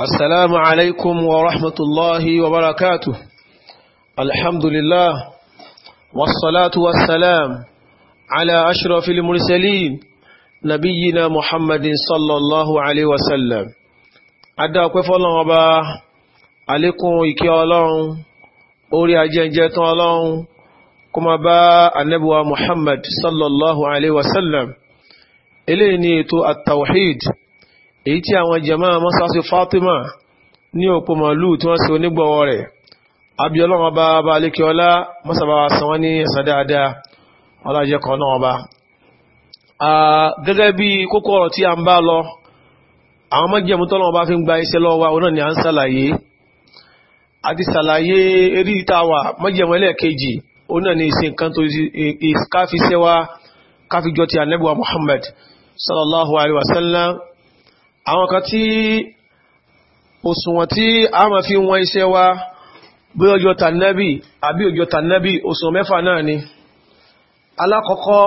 السلام عليكم ورحمة الله وبركاته الحمد لله والصلاة والسلام على أشرف المرسلين نبينا محمد صلى الله عليه وسلم أدى أكوف الله أبا عليكم إكي الله أوري أجنجة الله كما با النبوة محمد صلى الله عليه وسلم إليني تو التوحيد èyí tí àwọn jàmá mọ́sáṣí Fatima ní òpó màálù tí wọ́n ṣe onígbọ̀wọ́ rẹ̀ abiyọ́lọ́wọ́ bá bá ọlá mọ́sàbá san ní ẹ̀san dáadáa náà bá gẹ́gẹ́ bí kókó ọ̀rọ̀ tí a ń bá lọ àwọn mọ́jẹ̀mú tọ́lọ́wọ́ bá fi ń ni à ń ṣàlàyé àti ṣàlàyé eré ìtawà mọ́jẹ̀mú ẹlẹ́ẹ̀kejì ó náà ni ìsìn kan wa Muhammad sallallahu alaihi wasallam àwọn kan tí òṣùwọ̀n tí a máa fi wọn iṣẹ́ wa bí ọjọ́ tànẹ́bì àbí ọjọ́ tànẹ́bì òṣùwọ̀n mẹ́fà náà ni alákọ̀ọ́kọ́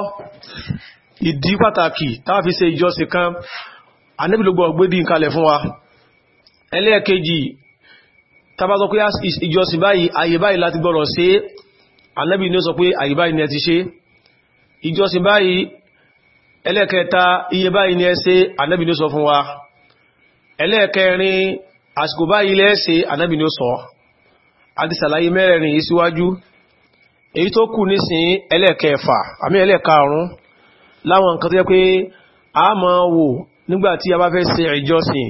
ìdí pàtàkì táà fi ṣe ìjọsìn kan anẹ́bì ló gbọ́ gbédì kalẹ̀ fún wa ẹlẹ́ẹ̀kejì tàbá sọ pé ìjọsìn báyìí àyè báyìí láti iye báyìí ni ẹ ṣe anẹ́bì sọ fún wa ẹlẹ́ẹ̀kẹrin àsìkò báyìí lẹ́ẹ̀ṣẹ́ anábì ni ó sọ àti sàlàyé mẹ́rẹ̀rin yìí síwájú èyí tó kù nísìn ẹlẹ́ẹ̀kẹfà àmì ẹlẹ́ẹ̀karùn láwọn nǹkan tó yẹ pé a máa wò nígbàtí a bá fẹ́ ṣe ìjọsìn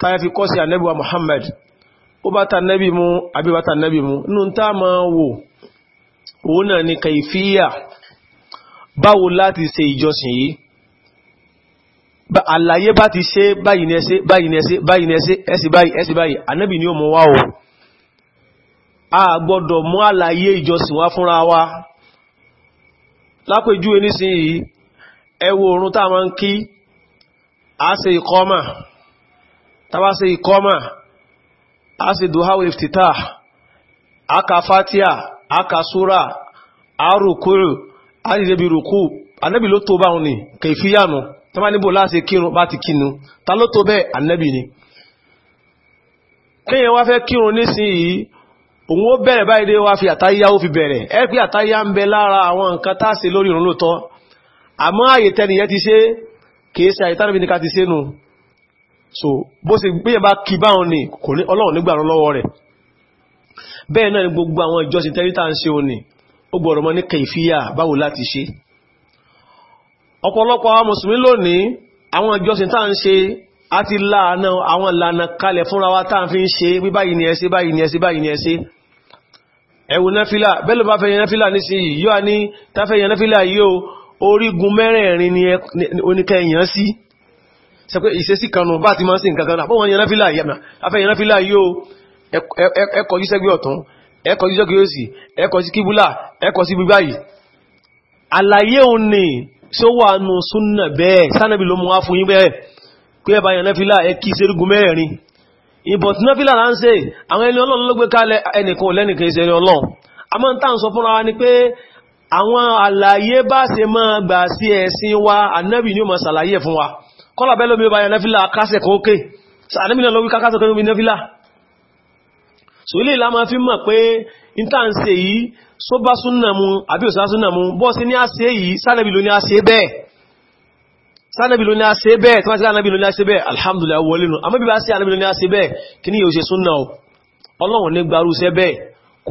táyà fi kọ́ sí anábì Muhammad ó bá ta nẹ́bì mú àbí bá ta nẹ́bì mú nínú tá máa wò òun náà ni kàìfíyà báwo láti ṣe ìjọsìn yìí àlàyé bá ti ṣe báyìí ní ẹsẹ́ báyìí ní ẹsẹ́ báyìí ní ẹsẹ́ ẹsì báyìí ẹsì báyìí ànábì ni ó mọ̀ wá o a gbọ́dọ̀ mú àlàyé ìjọsìn wá fúnra wa lápèjú enísìnyí ẹ wo òrun tá a máa ń kí a ṣe ìkọ́mà tó bá níbò láti kírun bá ti kínu ta ló tó bẹ́ẹ̀ ànábì ni kíyàn wá fẹ́ kírun nísìnyí òun ó bẹ̀rẹ̀ báyìí dé wá fi àtáyá ó fi bẹ̀rẹ̀ ẹ pé àtáyá ń bẹ lára àwọn nǹkan tá ṣe lórí ìrun lóòótọ́ àmọ́ àyè tẹnìyẹn ti ṣe kìí ṣe àyètá ní ká ti so bó ṣe gbéyàn bá kí báwọn ni kò ní ọlọ́run nígbà lọ́wọ́ rẹ̀ bẹ́ẹ̀ ni gbogbo àwọn ṣe ọ̀pọ̀lọpọ̀ àwọn mùsùlùmí lónìí àwọn ìjọsìn tá ń ṣe a ti láàánà àwọn ìlànà kalẹ̀ fúnra wa tá ń fi ń ṣe bí báyìí ni ẹ ṣe báyìí ni ẹ ṣe báyìí ni ẹ ṣe ẹ̀wù nẹ́fílà bẹ́ẹ̀ bá fẹ́ yẹn nẹ́fílà nísìnyí yóò ní táfẹ́ nẹ́fílà yìí orígun mẹ́rẹ̀ẹ̀rin ni oníkẹyàn sí sẹ́pẹ́ ìṣesí kanu bá ti máa sí nǹkan kan àpọ̀wọ̀n yẹn nẹ́fílà yẹn afẹ́ yẹn nẹ́fílà yìí o ẹkọ̀ yìí sẹ́gbẹ́ ọ̀tún ẹkọ̀ yìí sẹ́gbẹ́ òsì ẹkọ̀ sí kíbúlà ni ṣe ó wà be súnnà bẹ́ẹ̀ sánàbí ló mú wá fún yín bẹ́ẹ̀ pé ẹbà yàn náfílà ẹkí ìṣẹ́rúgùn mẹ́rin ìbọ̀t náfílà là ń ṣe àwọn ẹni ọlọ́run ló gbé kalẹ̀ ẹnìkan lẹ́nìkan ìṣẹ́ni ọlọ́run a máa ń tà ń sọ fúnra wa ni pé àwọn àlàyé bá ṣe máa gbà sí ẹ̀sìn wa ànábì ni ó máa ṣàlàyé fún wa kọ́lá bẹ́ẹ̀ lómi ó bá yàn náfílà kásẹ̀ kan ókè ànábì náà ló wí kásẹ̀ kan ókè náfílà so ilé ìlàmà fi mọ̀ pé ìtànṣe yìí só bá súnnà mú àbí òsá súnnà mú bọ́ sí ní àṣẹ yìí sánàbí ló ní àṣẹ bẹ́ẹ̀ sánàbí ló ní àṣẹ bẹ́ẹ̀ tí wọ́n sí sánàbí ló ní àṣẹ bẹ́ẹ̀ alhamdulillah wọlé nù àmọ́ bí bá sí sánàbí ló ní àṣẹ bẹ́ẹ̀ kí ní yóò ṣe súnnà o ọlọ́run ní gbarú iṣẹ́ bẹ́ẹ̀ kò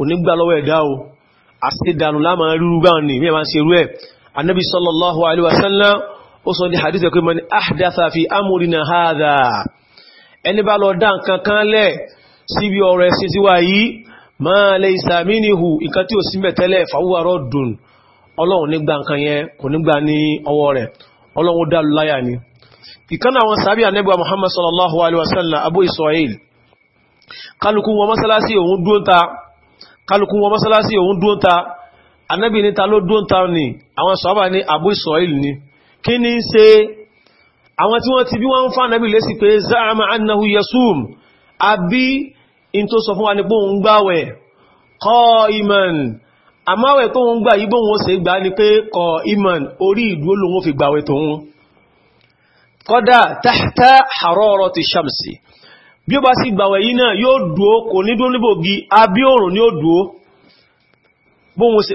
ẹni bá lọ dá nǹkan kan lẹ́ síbi ọ̀rọ̀ ẹ̀sìn tiwa yìí máa lè ìsàmínihù nǹkan tí ò sí mẹ́ tẹ́lẹ̀ fàwúwàrọ̀ dùn ọlọ́run nígbà nǹkan yẹn kò nígbà ní ọwọ́ rẹ̀ ọlọ́run dá ni ìkánà àwọn sàbí ànẹ́bà Muhammad sallallahu alaihi wasallam abu Isra'il. kálukú wọn mọ́sálásí òun dúnta kálukú wọn mọ́sálásí òun dúnta ni abu Israel ni kí ni ń ṣe àwọn tí wọ́n ti bí yasum àbí in tó sọ fún wa ní pé òun gbáwẹ̀ qa'iman àmáwẹ̀ tó ń gbà yíbó wọn ṣe gbà ní pé qa'iman orí ìdúró ló fi gbàwẹ̀ tóun kọ́dà tahta hararati shamsi bí ó bá sì gbàwẹ̀ yìí náà yóò dúó kò ní dúó níbògi abí ni ó dúó bóhun sì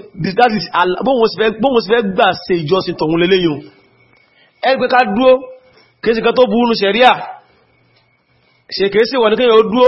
fẹ́ gbà ṣe ìjọsìn tọ̀hun lélẹ́yìn ẹgbẹ́ ká dúó kìí sí kan tó burú nù ṣẹ̀ríà ṣe ní kíyàn ó dúó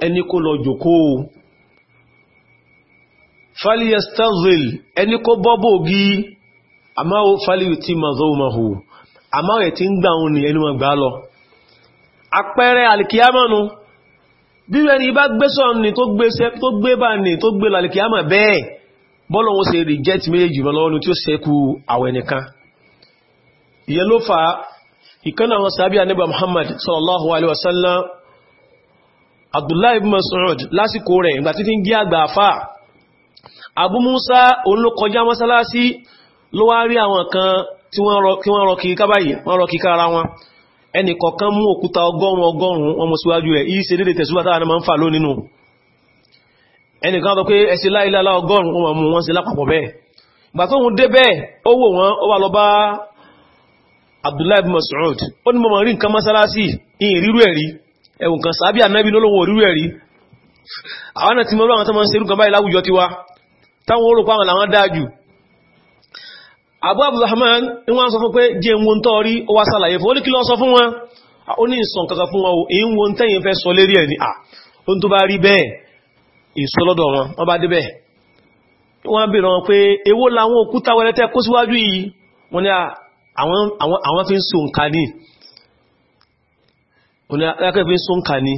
ẹni kó lọ jòkóó faliyastazil ẹni kó bọ́bọ̀ gí àmáwò faliyu ti mazọ́wọ́mahù àmáwò ẹ̀ tí ń gbà òun ni ẹni wọn gbà lọ àpẹẹrẹ alìkíyámánu bí ẹni bá gbé sọ́ọ̀nì tó gbé bá ní tó gbé lalìkíyámà bẹ́ẹ̀ bọ́lọ̀ wọ́n ṣe reject méjì mọ́lọ́wọ́nu tí ó sẹ́kù àwọn ẹnìkan ìyẹn ló fa ìkánà àwọn sàbí anábà Muhammad sallallahu alaihi wasallam Abdullahi ibn Mas'ud lásìkò rẹ̀ ìgbà tí fi ń gí àgbà àfà Abu Musa òun ló kọjá mọ́sálásí ló wá rí àwọn kan tí wọ́n rọ kìí kábáyìí wọ́n rọ kìí kára wọn ẹnì kọ̀ọ̀kan mú òkúta ọgọ́rùn ọgọ́rùn wọn mú síwájú rẹ̀ yìí ṣe dédé tẹ̀síwá táwọn ọmọ ń fà ló nínú ẹnì ọgọ́rùn wọn mú wọn ibn Mas'ud ó ní mọ̀mọ̀ rí nǹkan mọ́sálásí ẹ̀wùn kan sàábí ànábí lólówó orírú ẹ̀rí àwọn náà ti mọ́rú àwọn tọ́mọ́ ń serú kan báyìí láwùjọ tiwa táwọn orò pàwọn làwọn dáájú Abu Abdurrahman ní wọ́n sọ fún pé jẹ́ wọn tọ́ rí ó wá sàlàyé fún ó ní kí lọ sọ fún wọn ó ní ìsàn kankan fún wọn àwọn fi ń so nǹkan ní oníkẹ́kẹ́ fi ń sún kà ní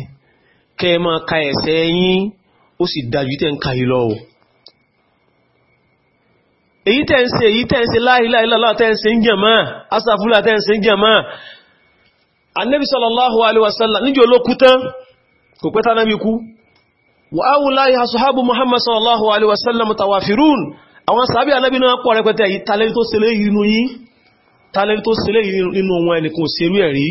kẹ́ ẹ máa ka ẹ̀ṣẹ̀ yín ó sì dájú tẹ́ ń ka yìí o èyí tẹ́ ń ṣe èyí tẹ́ ń ṣe la ilaha illallah tẹ́ ń ṣe ń jẹ̀mọ́ wasallam níjọ́ ló kú tán kò wa awulayi asuhabu muhammad sallallahu alaihi wasallam tawafirun àwọn sàábí anábi náà pọ̀ rẹpẹtẹ yìí talẹ́ni tó ṣẹlẹ̀ yìí nínú yín talẹ́ni tó ṣẹlẹ̀ yìí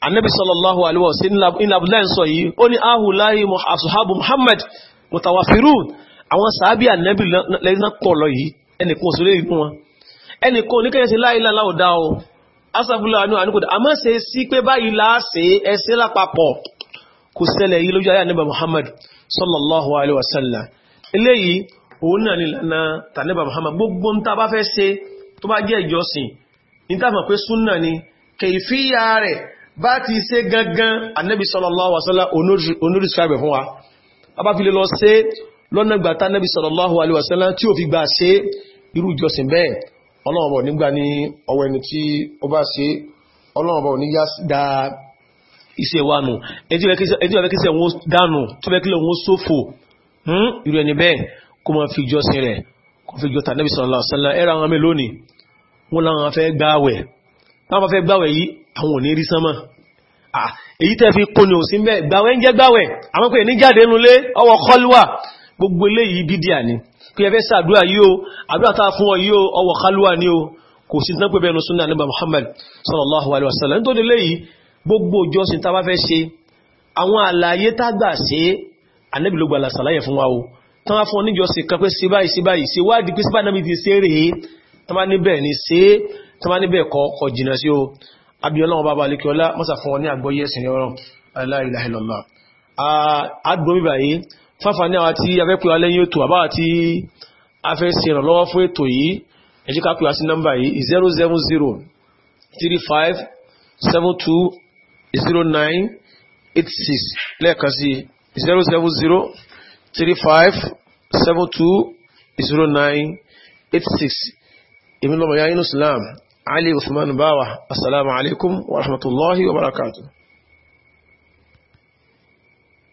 annabi sallallahu alaihi wasallam in abdullahi sọ yìí ó ní ahùláyé asuhabu muhammad mutawafirun àwọn sàábí annabi lẹ́yìn pọ̀ lọ yìí ẹnìkan òsì lè inú wọn ẹnìkan oníkẹyẹ sí láìlá láòdá o asàfúnlá àánú àníkòdá a máa ṣe sí pé báyìí láàṣẹ ẹsẹ lápapọ̀ kò ṣẹlẹ̀ yìí lójú ayé annabi muhammad sallallahu alaihi wasallam eléyìí òun náà ni lànà tànẹ́bà muhammad gbogbo ń ta bá fẹ́ ṣe tó bá jẹ́ ìjọsìn ní tàbí pé ni kèfíyà rẹ̀ bá ti ṣe gangan anẹ́bí sallallahu alaihi wasallam fún wa a bá fi lè lọ ṣe lọ́nà gbàtà anẹ́bí sallallahu alaihi wasallam tí ó fi gbà ṣe irú ìjọsìn bẹ́ẹ̀ ọlọ́ọ̀bọ̀ nígbà ní ọwọ́ ẹni tí ó bá ṣe ọlọ́ọ̀bọ̀ ní da iṣẹ́ wa nù ẹjí ọ̀rẹ́kíṣẹ́ wọn dánù tó bẹ́kílẹ̀ wọn sófò hmm, irú ẹni bẹ́ẹ̀ kó ma fi jọsìn rẹ̀ alaihi wasallam ẹ̀rọ àwọn mélòó láwọn fẹ́ gbáwẹ̀ yìí àwọn ò ní rí sánmà èyí tẹ́ fi kó ní ò sí mẹ́ gbàwẹ́ ń jẹ́ gbàwẹ́ àwọn pé ní jáde nulé ọwọ́ kọlùwà gbogbo eléyìí bídíà ni kí ẹfẹ́ kò sí Muhammad sallallahu alaihi wasallam nítorí léyìí gbogbo fẹ́ ṣe àwọn àlàyé fún wa o tán wá fún ọ níjọsìn kan pé sí báyìí sí báyìí ṣe wádìí pé sí báyìí náà bí ti ṣe rèé tán bá níbẹ̀ ni ṣe tán bá níbẹ̀ kọ́ kọ̀ jìnà sí o abiyọ́lọ́wọ́ bá bá lè kí ọlá mọ́sà fún wọn ní àgbọ́yé ẹ̀sìn ọ̀rọ̀ la ilaha illallah agbómi báyìí fáfà ní àwọn tí afẹ́ pè wá lẹ́yìn ètò àbáwà tí a fẹ́ ṣe ìrànlọ́wọ́ fún ètò yìí ẹ jẹ́ ká pè wá sí nọ́mbà yìí 07035720986 lẹ́ẹ̀kan sí 07035720986 èmi lọ́mọ yá inú علي عثمان باوة السلام عليكم ورحمة الله وبركاته